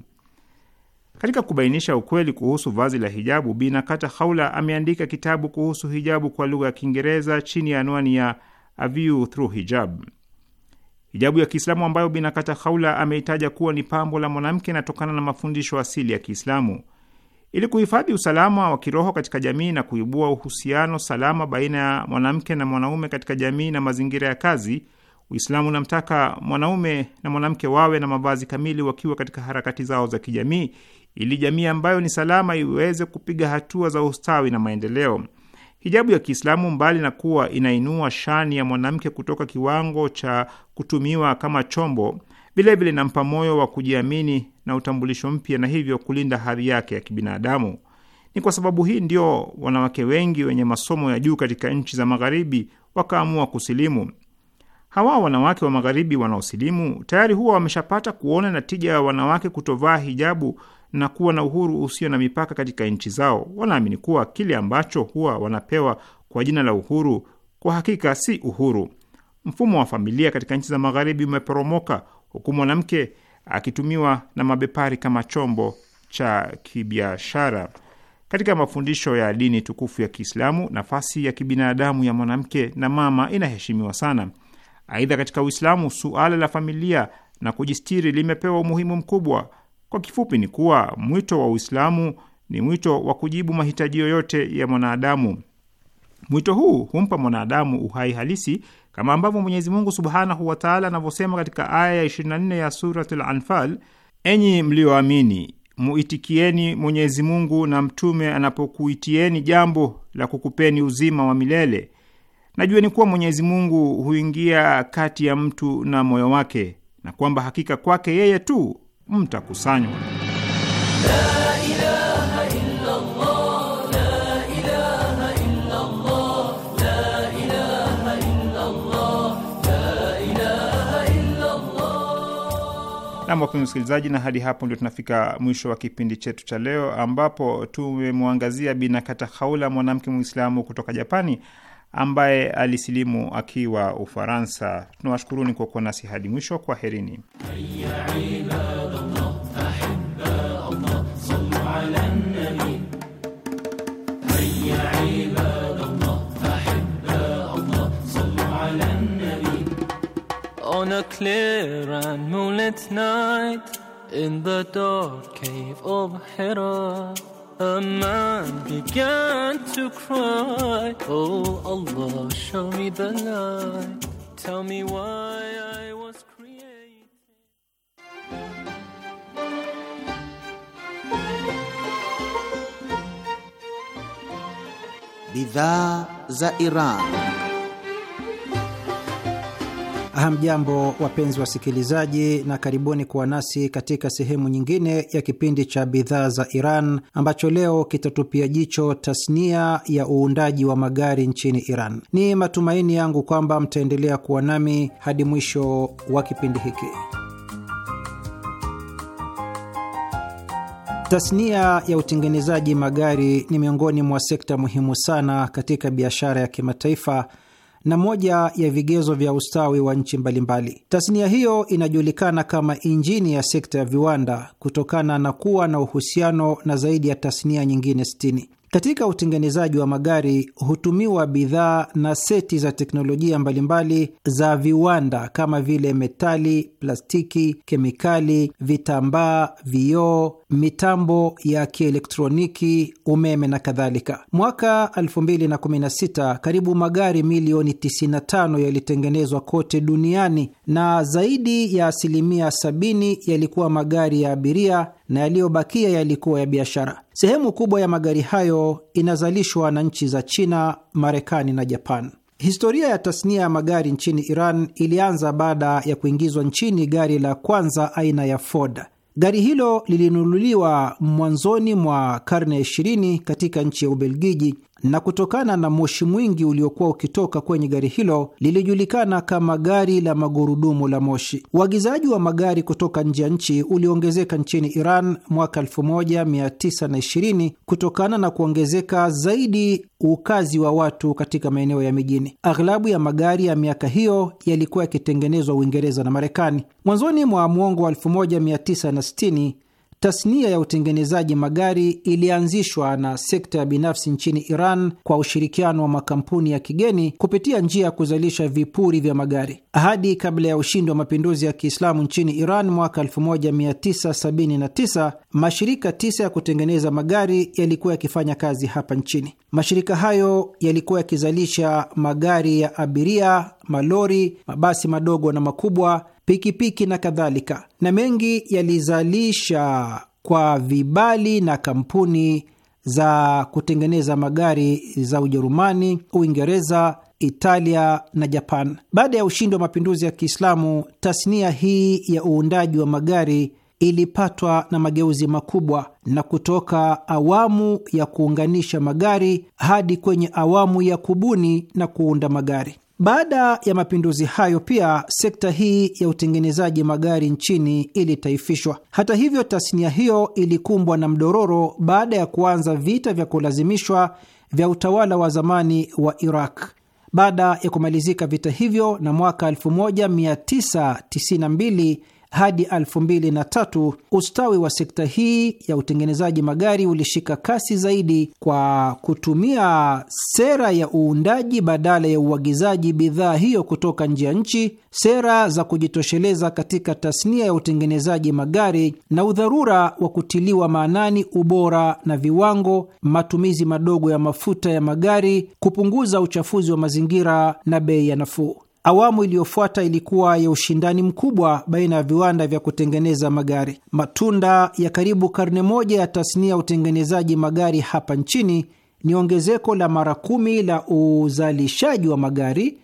Katika kubainisha ukweli kuhusu vazi la hijabu, binakata Kata Haula ameandika kitabu kuhusu hijabu kwa lugha ya Kiingereza chini ya anwani ya A View Through Hijab. Hijabu ya Kiislamu ambayo Binakata Haula ameitaja kuwa ni pambo la mwanamke inatokana na mafundisho asili ya Kiislamu. Ili kuhifadhi usalama wa kiroho katika jamii na kuibua uhusiano salama baina ya mwanamke na mwanaume katika jamii na mazingira ya kazi, Uislamu unamtaka mwanaume na mwanamke wawe na mavazi kamili wakiwa katika harakati zao za kijamii, ili jamii ambayo ni salama iweze kupiga hatua za ustawi na maendeleo. Hijabu ya Kiislamu, mbali na kuwa inainua shani ya mwanamke kutoka kiwango cha kutumiwa kama chombo, vilevile inampa moyo wa kujiamini na utambulisho mpya, na hivyo kulinda hadhi yake ya kibinadamu. Ni kwa sababu hii ndio wanawake wengi wenye masomo ya juu katika nchi za Magharibi wakaamua kusilimu. Hawa wanawake wa Magharibi wanaosilimu tayari huwa wameshapata kuona natija ya wanawake kutovaa hijabu na kuwa na uhuru usio na mipaka katika nchi zao. Wanaamini kuwa kile ambacho huwa wanapewa kwa jina la uhuru kwa hakika si uhuru. Mfumo wa familia katika nchi za Magharibi umeporomoka huku mwanamke akitumiwa na mabepari kama chombo cha kibiashara. Katika mafundisho ya dini tukufu ya Kiislamu, nafasi ya kibinadamu ya mwanamke na mama inaheshimiwa sana. Aidha, katika Uislamu suala la familia na kujistiri limepewa umuhimu mkubwa. Kwa kifupi ni kuwa mwito wa Uislamu ni mwito wa kujibu mahitaji yoyote ya mwanadamu. Mwito huu humpa mwanadamu uhai halisi kama ambavyo Mwenyezi Mungu subhanahu wa taala anavyosema katika aya ya 24 ya Al Anfal: enyi mlioamini muitikieni Mwenyezi Mungu na mtume anapokuitieni jambo la kukupeni uzima wa milele, najueni kuwa Mwenyezi Mungu huingia kati ya mtu na moyo wake, na kwamba hakika kwake yeye tu mtakusanywa. La Wapenzi msikilizaji, na hadi hapo ndio tunafika mwisho wa kipindi chetu cha leo, ambapo tumemwangazia Bi Nakata Haula, mwanamke Mwislamu kutoka Japani ambaye alisilimu akiwa Ufaransa. Tunawashukuruni kwa kuwa nasi hadi mwisho. Kwaherini. On a clear and moonlit night in the dark cave of Hira A man began to cry. Oh Allah, show me the light. Tell me why I was created. Bidhaa za Iran. Hamjambo, wapenzi wasikilizaji, na karibuni kuwa nasi katika sehemu nyingine ya kipindi cha bidhaa za Iran ambacho leo kitatupia jicho tasnia ya uundaji wa magari nchini Iran. Ni matumaini yangu kwamba mtaendelea kuwa nami hadi mwisho wa kipindi hiki. Tasnia ya utengenezaji magari ni miongoni mwa sekta muhimu sana katika biashara ya kimataifa na moja ya vigezo vya ustawi wa nchi mbalimbali. Tasnia hiyo inajulikana kama injini ya sekta ya viwanda kutokana na kuwa na uhusiano na zaidi ya tasnia nyingine sitini. Katika utengenezaji wa magari hutumiwa bidhaa na seti za teknolojia mbalimbali za viwanda kama vile metali, plastiki, kemikali, vitambaa, vioo mitambo ya kielektroniki, umeme na kadhalika. Mwaka 2016 karibu magari milioni 95 yalitengenezwa kote duniani na zaidi ya asilimia 70 yalikuwa magari ya abiria na yaliyobakia yalikuwa ya biashara. Sehemu kubwa ya magari hayo inazalishwa na nchi za China, Marekani na Japan. Historia ya tasnia ya magari nchini Iran ilianza baada ya kuingizwa nchini gari la kwanza aina ya Ford Gari hilo lilinunuliwa mwanzoni mwa karne ya 20 katika nchi ya Ubelgiji na kutokana na moshi mwingi uliokuwa ukitoka kwenye gari hilo lilijulikana kama gari la magurudumu la moshi. Uagizaji wa magari kutoka nje ya nchi uliongezeka nchini Iran mwaka 1920 kutokana na kuongezeka zaidi ukazi wa watu katika maeneo ya mijini. Aghlabu ya magari ya miaka hiyo yalikuwa yakitengenezwa Uingereza na Marekani. Mwanzoni mwa mwongo wa 1960 Tasnia ya utengenezaji magari ilianzishwa na sekta ya binafsi nchini Iran kwa ushirikiano wa makampuni ya kigeni kupitia njia ya kuzalisha vipuri vya magari. Hadi kabla ya ushindi wa mapinduzi ya Kiislamu nchini Iran mwaka 1979, mashirika tisa ya kutengeneza magari yalikuwa yakifanya kazi hapa nchini. Mashirika hayo yalikuwa yakizalisha magari ya abiria, malori, mabasi madogo na makubwa, pikipiki na kadhalika, na mengi yalizalisha kwa vibali na kampuni za kutengeneza magari za Ujerumani, Uingereza, Italia na Japan. Baada ya ushindi wa mapinduzi ya Kiislamu, tasnia hii ya uundaji wa magari ilipatwa na mageuzi makubwa na kutoka awamu ya kuunganisha magari hadi kwenye awamu ya kubuni na kuunda magari. Baada ya mapinduzi hayo pia sekta hii ya utengenezaji magari nchini ilitaifishwa. Hata hivyo, tasnia hiyo ilikumbwa na mdororo baada ya kuanza vita vya kulazimishwa vya utawala wa zamani wa Iraq. Baada ya kumalizika vita hivyo na mwaka 1992 hadi 2003 ustawi wa sekta hii ya utengenezaji magari ulishika kasi zaidi kwa kutumia sera ya uundaji badala ya uagizaji bidhaa hiyo kutoka nje ya nchi, sera za kujitosheleza katika tasnia ya utengenezaji magari na udharura wa kutiliwa maanani ubora na viwango, matumizi madogo ya mafuta ya magari, kupunguza uchafuzi wa mazingira na bei ya nafuu. Awamu iliyofuata ilikuwa ya ushindani mkubwa baina ya viwanda vya kutengeneza magari. Matunda ya karibu karne moja ya tasnia ya utengenezaji magari hapa nchini ni ongezeko la mara kumi la uzalishaji wa magari,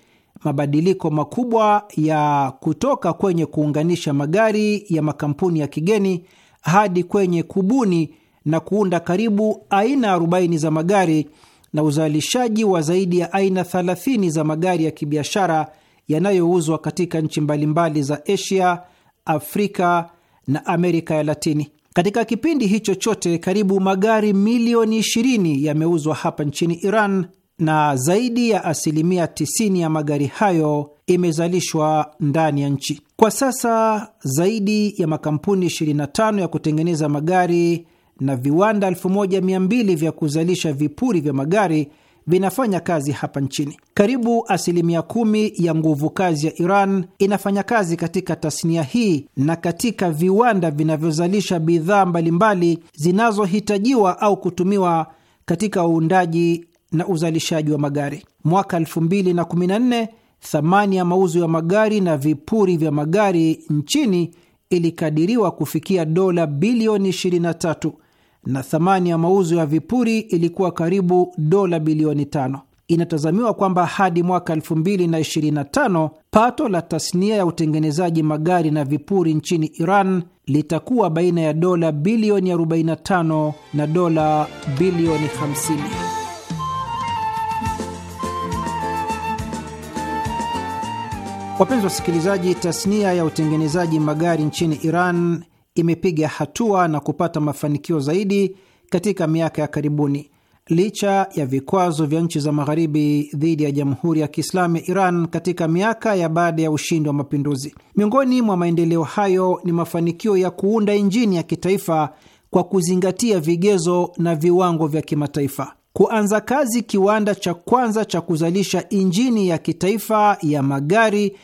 mabadiliko makubwa ya kutoka kwenye kuunganisha magari ya makampuni ya kigeni hadi kwenye kubuni na kuunda karibu aina 40 za magari na uzalishaji wa zaidi ya aina 30 za magari ya kibiashara yanayouzwa katika nchi mbalimbali za Asia, Afrika na Amerika ya Latini. Katika kipindi hicho chote, karibu magari milioni 20 yameuzwa hapa nchini Iran na zaidi ya asilimia 90 ya magari hayo imezalishwa ndani ya nchi. Kwa sasa zaidi ya makampuni 25 ya kutengeneza magari na viwanda 1200 vya kuzalisha vipuri vya magari vinafanya kazi hapa nchini. Karibu asilimia kumi ya nguvu kazi ya Iran inafanya kazi katika tasnia hii na katika viwanda vinavyozalisha bidhaa mbalimbali zinazohitajiwa au kutumiwa katika uundaji na uzalishaji wa magari. Mwaka 2014 thamani ya mauzo ya magari na vipuri vya magari nchini ilikadiriwa kufikia dola bilioni 23 na thamani ya mauzo ya vipuri ilikuwa karibu dola bilioni tano. Inatazamiwa kwamba hadi mwaka 2025 pato la tasnia ya utengenezaji magari na vipuri nchini Iran litakuwa baina ya dola bilioni 45 na dola bilioni 50. Wapenzi wasikilizaji, tasnia ya utengenezaji magari nchini Iran imepiga hatua na kupata mafanikio zaidi katika miaka ya karibuni licha ya vikwazo vya nchi za magharibi dhidi ya Jamhuri ya Kiislamu ya Iran katika miaka ya baada ya ushindi wa mapinduzi. Miongoni mwa maendeleo hayo ni mafanikio ya kuunda injini ya kitaifa kwa kuzingatia vigezo na viwango vya kimataifa, kuanza kazi kiwanda cha kwanza cha kuzalisha injini ya kitaifa ya magari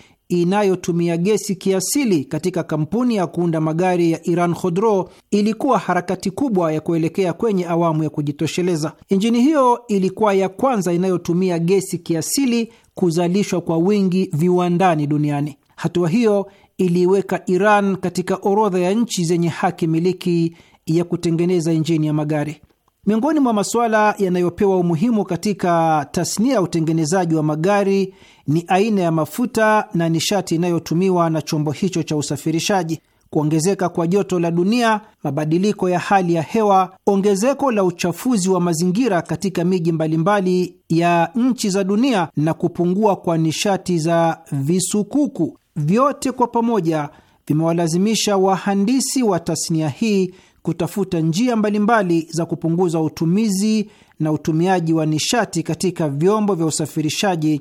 inayotumia gesi kiasili katika kampuni ya kuunda magari ya Iran Khodro ilikuwa harakati kubwa ya kuelekea kwenye awamu ya kujitosheleza. Injini hiyo ilikuwa ya kwanza inayotumia gesi kiasili kuzalishwa kwa wingi viwandani duniani. Hatua hiyo iliiweka Iran katika orodha ya nchi zenye haki miliki ya kutengeneza injini ya magari. Miongoni mwa masuala yanayopewa umuhimu katika tasnia ya utengenezaji wa magari ni aina ya mafuta na nishati inayotumiwa na chombo hicho cha usafirishaji. Kuongezeka kwa joto la dunia, mabadiliko ya hali ya hewa, ongezeko la uchafuzi wa mazingira katika miji mbalimbali ya nchi za dunia na kupungua kwa nishati za visukuku, vyote kwa pamoja vimewalazimisha wahandisi wa tasnia hii kutafuta njia mbalimbali za kupunguza utumizi na utumiaji wa nishati katika vyombo vya usafirishaji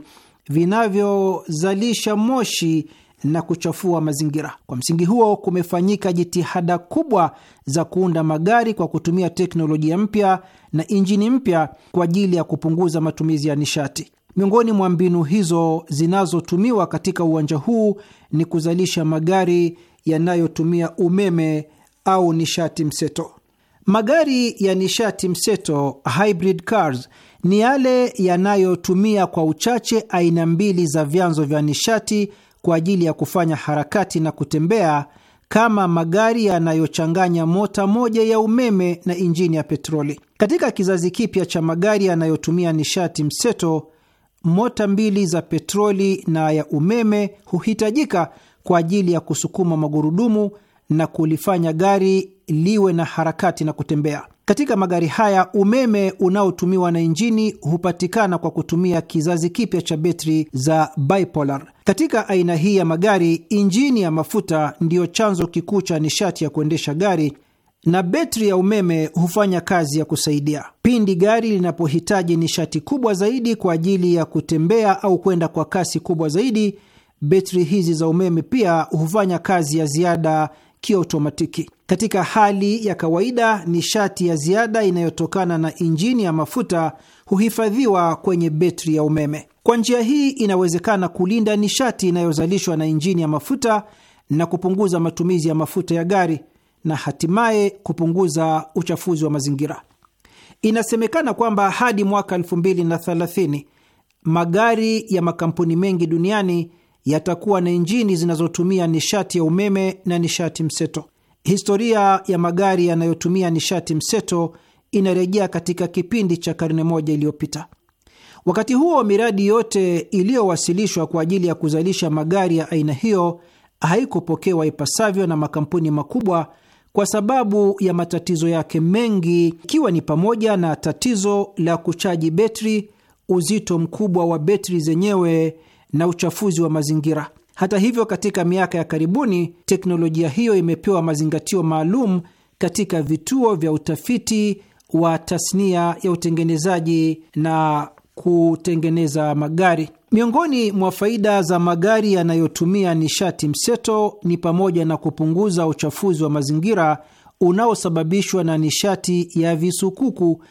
vinavyozalisha moshi na kuchafua mazingira. Kwa msingi huo, kumefanyika jitihada kubwa za kuunda magari kwa kutumia teknolojia mpya na injini mpya kwa ajili ya kupunguza matumizi ya nishati. Miongoni mwa mbinu hizo zinazotumiwa katika uwanja huu ni kuzalisha magari yanayotumia umeme au nishati mseto. Magari ya nishati mseto hybrid cars ni yale yanayotumia kwa uchache aina mbili za vyanzo vya nishati kwa ajili ya kufanya harakati na kutembea kama magari yanayochanganya mota moja ya umeme na injini ya petroli. Katika kizazi kipya cha magari yanayotumia nishati mseto, mota mbili za petroli na ya umeme huhitajika kwa ajili ya kusukuma magurudumu na kulifanya gari liwe na harakati na kutembea. Katika magari haya umeme unaotumiwa na injini hupatikana kwa kutumia kizazi kipya cha betri za bipolar. Katika aina hii ya magari, injini ya mafuta ndiyo chanzo kikuu cha nishati ya kuendesha gari na betri ya umeme hufanya kazi ya kusaidia pindi gari linapohitaji nishati kubwa zaidi kwa ajili ya kutembea au kwenda kwa kasi kubwa zaidi. Betri hizi za umeme pia hufanya kazi ya ziada kiotomatiki. Katika hali ya kawaida, nishati ya ziada inayotokana na injini ya mafuta huhifadhiwa kwenye betri ya umeme. Kwa njia hii inawezekana kulinda nishati inayozalishwa na injini ya mafuta na kupunguza matumizi ya mafuta ya gari na hatimaye kupunguza uchafuzi wa mazingira. Inasemekana kwamba hadi mwaka 2030 magari ya makampuni mengi duniani yatakuwa na injini zinazotumia nishati ya umeme na nishati mseto. Historia ya magari yanayotumia nishati mseto inarejea katika kipindi cha karne moja iliyopita. Wakati huo, miradi yote iliyowasilishwa kwa ajili ya kuzalisha magari ya aina hiyo haikupokewa ipasavyo na makampuni makubwa kwa sababu ya matatizo yake mengi, ikiwa ni pamoja na tatizo la kuchaji betri, uzito mkubwa wa betri zenyewe na uchafuzi wa mazingira. Hata hivyo, katika miaka ya karibuni teknolojia hiyo imepewa mazingatio maalum katika vituo vya utafiti wa tasnia ya utengenezaji na kutengeneza magari. Miongoni mwa faida za magari yanayotumia nishati mseto ni pamoja na kupunguza uchafuzi wa mazingira unaosababishwa na nishati ya visukuku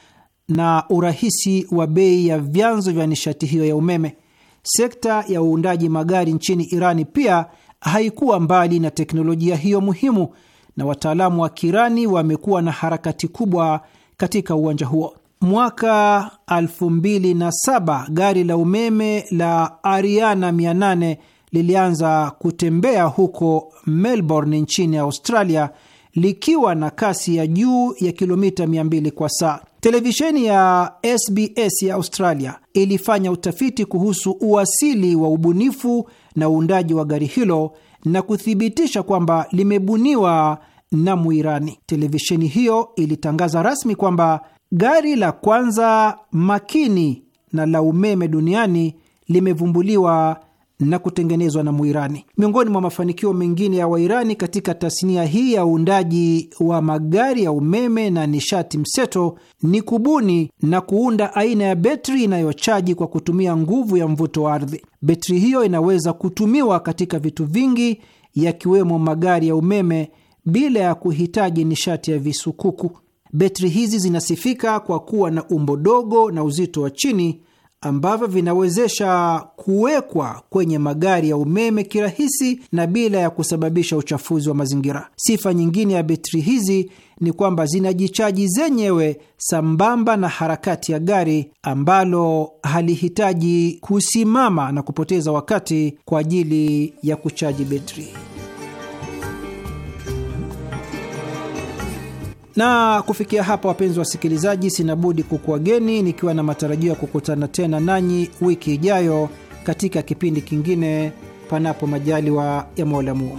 na urahisi wa bei ya vyanzo vya nishati hiyo ya umeme. Sekta ya uundaji magari nchini Irani pia haikuwa mbali na teknolojia hiyo muhimu, na wataalamu wa Kirani wamekuwa na harakati kubwa katika uwanja huo. Mwaka 2007 gari la umeme la Ariana 800 lilianza kutembea huko Melbourne nchini Australia likiwa na kasi ya juu ya kilomita 200 kwa saa. Televisheni ya SBS ya Australia ilifanya utafiti kuhusu uasili wa ubunifu na uundaji wa gari hilo na kuthibitisha kwamba limebuniwa na Mwirani. Televisheni hiyo ilitangaza rasmi kwamba gari la kwanza makini na la umeme duniani limevumbuliwa na kutengenezwa na Mwirani. Miongoni mwa mafanikio mengine ya Wairani katika tasnia hii ya uundaji wa magari ya umeme na nishati mseto ni kubuni na kuunda aina ya betri inayochaji kwa kutumia nguvu ya mvuto wa ardhi. Betri hiyo inaweza kutumiwa katika vitu vingi, yakiwemo magari ya umeme bila ya kuhitaji nishati ya visukuku. Betri hizi zinasifika kwa kuwa na umbo dogo na uzito wa chini ambavyo vinawezesha kuwekwa kwenye magari ya umeme kirahisi na bila ya kusababisha uchafuzi wa mazingira. Sifa nyingine ya betri hizi ni kwamba zinajichaji zenyewe sambamba na harakati ya gari ambalo halihitaji kusimama na kupoteza wakati kwa ajili ya kuchaji betri. Na kufikia hapa, wapenzi wa wasikilizaji, sinabudi kukuwageni nikiwa na matarajio ya kukutana tena nanyi wiki ijayo katika kipindi kingine, panapo majaliwa ya Mola Mungu.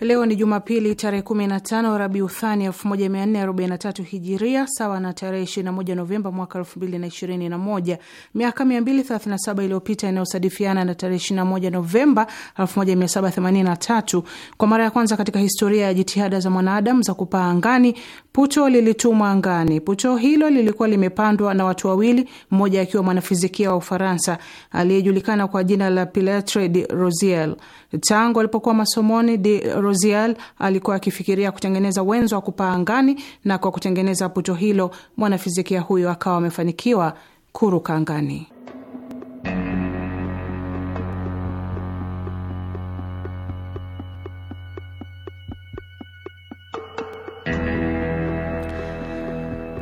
Leo ni Jumapili tarehe 15 uthani 1443 Hijiria, sawa na tarehe 21 Novemba mwaka 2021. Miaka 237 iliyopita inayosadifiana na tarehe 21 Novemba 1783, kwa mara ya kwanza katika historia ya jitihada za mwanadamu za kupaa angani, puto lilitumwa angani. Puto hilo lilikuwa limepandwa na watu wawili, mmoja akiwa mwanafizikia wa Ufaransa aliyejulikana kwa jina la Pilatre de Rosiel. Tangu alipokuwa masomoni de Rozial alikuwa akifikiria kutengeneza wenzo wa kupaa angani, na kwa kutengeneza puto hilo mwanafizikia huyo akawa amefanikiwa kuruka angani.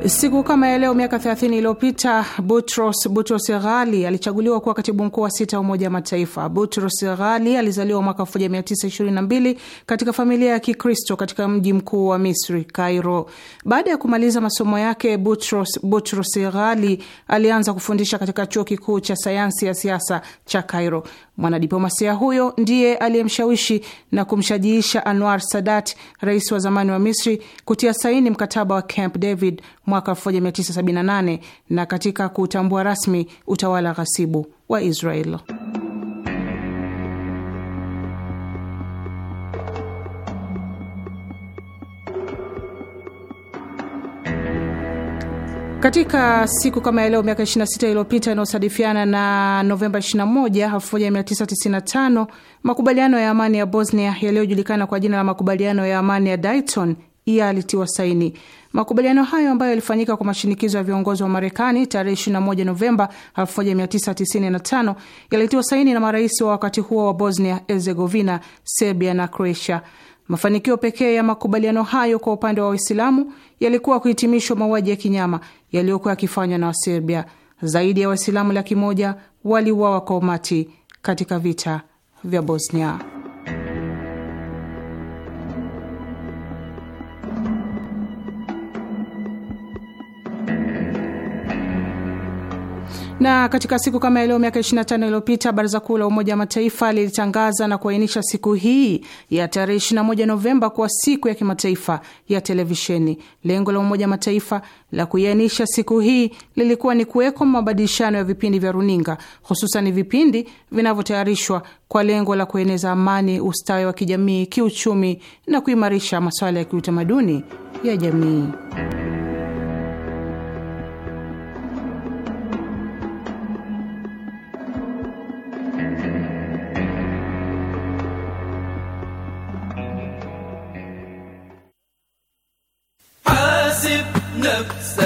Siku kama ya leo miaka 30 iliyopita Butros Butros Ghali alichaguliwa kuwa katibu mkuu wa sita wa Umoja Mataifa. Butros Ghali alizaliwa mwaka 1922 katika familia ya Kikristo katika mji mkuu wa Misri, Cairo. Baada ya kumaliza masomo yake, Butros Butros Ghali alianza kufundisha katika chuo kikuu cha sayansi ya siasa cha Cairo. Mwanadiplomasia huyo ndiye aliyemshawishi na kumshajiisha Anwar Sadat, rais wa zamani wa Misri, kutia saini mkataba wa Camp David mwaka 1978 na katika kutambua rasmi utawala ghasibu wa Israel. Katika siku kama ya leo miaka 26 iliyopita inayosadifiana na Novemba 21, 1995 makubaliano ya amani ya Bosnia yaliyojulikana kwa jina la makubaliano ya amani ya Dayton yalitiwa saini. Makubaliano hayo ambayo yalifanyika kwa mashinikizo ya viongozi wa Marekani tarehe 21 Novemba 1995 yalitiwa saini na marais wa wakati huo wa Bosnia Herzegovina, Serbia na Croatia. Mafanikio pekee ya makubaliano hayo kwa upande wa Waislamu yalikuwa kuhitimishwa mauaji ya kinyama yaliyokuwa yakifanywa na Waserbia. Zaidi ya Waislamu laki moja waliuawa kwa umati katika vita vya Bosnia. Na katika siku kama ya leo miaka 25 iliyopita Baraza Kuu la Umoja wa Mataifa lilitangaza na kuainisha siku hii ya tarehe 21 Novemba kuwa siku ya kimataifa ya televisheni. Lengo la Umoja wa Mataifa la kuiainisha siku hii lilikuwa ni kuweko mabadilishano ya vipindi vya runinga, hususan vipindi vinavyotayarishwa kwa lengo la kueneza amani, ustawi wa kijamii, kiuchumi na kuimarisha masuala ya kiutamaduni ya jamii. Set.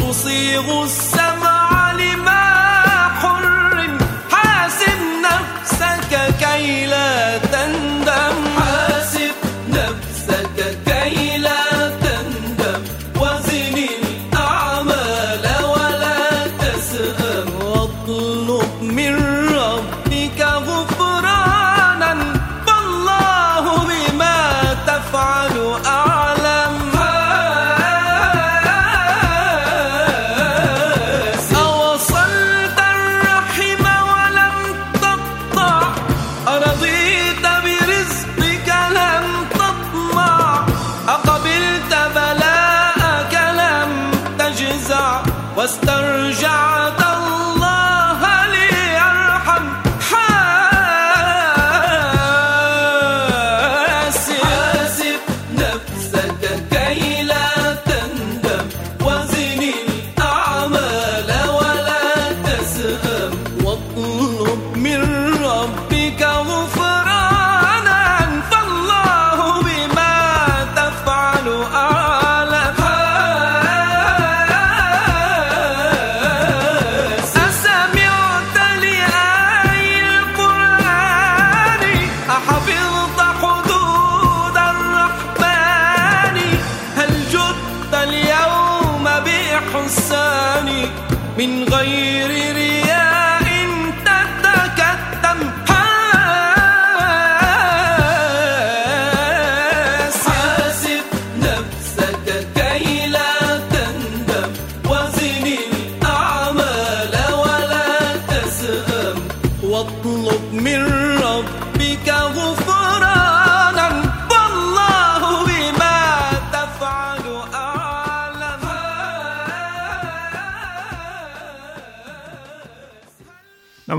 تصيغ السماء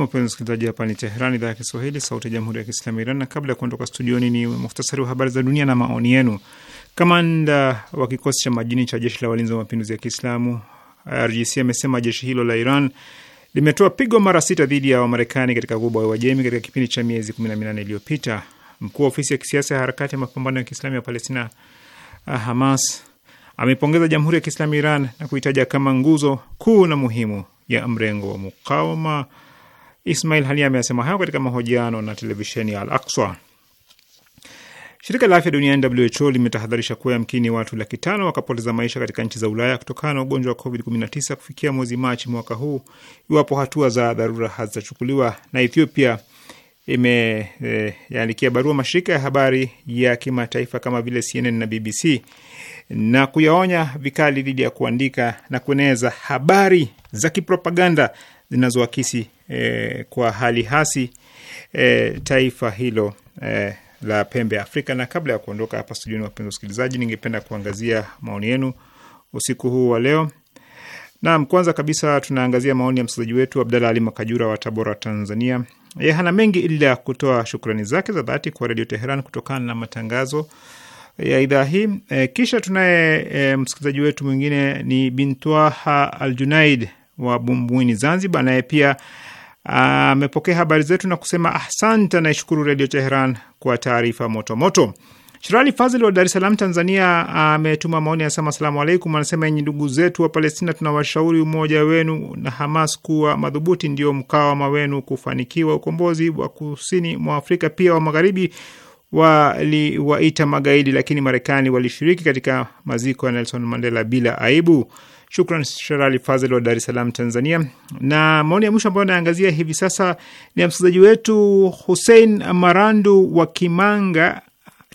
Nam, mpenzi msikilizaji, hapa ni Teherani, idhaa ya Kiswahili, sauti ya jamhuri ya kiislamu ya Iran. Na kabla ya kuondoka studioni, ni muhtasari wa habari za dunia na maoni yenu. Kamanda wa kikosi cha majini cha jeshi la walinzi wa mapinduzi ya Kiislamu IRGC amesema jeshi hilo la Iran limetoa pigo mara sita dhidi ya Wamarekani katika ghuba ya Uajemi katika kipindi cha miezi kumi na minane iliyopita. Mkuu wa ofisi ya kisiasa ya harakati ya mapambano ya Kiislamu ya Palestina Hamas amepongeza jamhuri ya Kiislamu Iran na kuitaja kama nguzo kuu na muhimu ya mrengo wa mukawama Ismail Hania amesema hayo katika mahojiano na televisheni ya Al Aqsa. Shirika la afya duniani WHO limetahadharisha kuwa yamkini watu laki tano wakapoteza maisha katika nchi za Ulaya kutokana na ugonjwa wa COVID-19 kufikia mwezi Machi mwaka huu iwapo hatua za dharura hazitachukuliwa. Na Ethiopia imeandikia e, barua mashirika ya habari ya kimataifa kama vile CNN na BBC na kuyaonya vikali dhidi ya kuandika na kueneza habari za kipropaganda zinazoakisi e, kwa hali hasi e, taifa hilo e, la pembe ya Afrika. Na kabla ya kuondoka hapa studioni, wapenzi wasikilizaji, ningependa kuangazia maoni yenu usiku huu wa leo. Naam, kwanza kabisa tunaangazia maoni ya msikilizaji wetu abdala Ali Makajura wa Tabora, Tanzania. Yeye hana mengi ila kutoa shukrani zake za dhati kwa Redio Teheran kutokana na matangazo ya idhaa hii. E, kisha tunaye e, msikilizaji wetu mwingine ni Bintwaha Aljunaid wa Bumbwini, Zanzibar, naye pia ah, amepokea habari zetu na kusema asante. Anayeshukuru Redio Teheran kwa taarifa motomoto. Shirali Fazil wa Dar es Salaam, Tanzania, ametuma maoni anasema, asalamu alaikum. Anasema, enyi ndugu zetu wa Palestina, tunawashauri umoja wenu na Hamas kuwa madhubuti, ndio mkawama wenu kufanikiwa. Ukombozi wa kusini mwa Afrika pia wa magharibi waliwaita magaidi, lakini Marekani walishiriki katika maziko ya Nelson Mandela bila aibu. Shukran Sherali Fazel wa Dar es Salaam, Tanzania. Na maoni ya mwisho ambayo anaangazia hivi sasa ni ya msikilizaji wetu Hussein Marandu wa Kimanga,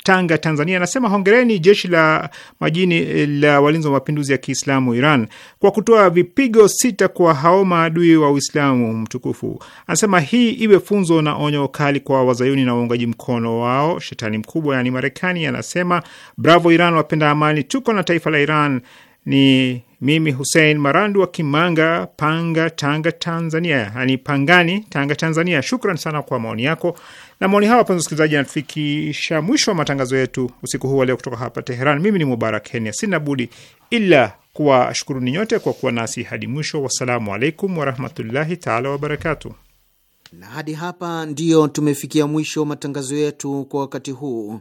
Tanga, Tanzania. Anasema hongereni jeshi la majini eh, la walinzi wa mapinduzi ya Kiislamu Iran kwa kutoa vipigo sita kwa hao maadui wa Uislamu mtukufu. Anasema hii iwe funzo na onyo kali kwa wazayuni na waungaji mkono wao shetani mkubwa, yaani Marekani. Anasema bravo Iran, wapenda amani, tuko na taifa la Iran ni mimi Hussein Marandu wa Kimanga, Panga, Tanga, Tanzania, ani Pangani, Tanga, Tanzania. Shukran sana kwa maoni yako na maoni hawa, wapenzi wasikilizaji, yanatufikisha mwisho wa matangazo yetu usiku huu wa leo kutoka hapa Teheran. Mimi ni Mubarak Kenya, sina budi ila kuwashukuruni nyote kwa kuwa nasi hadi mwisho. Wassalamu alaikum warahmatullahi taala wabarakatu. Na hadi hapa ndiyo tumefikia mwisho wa matangazo yetu kwa wakati huu.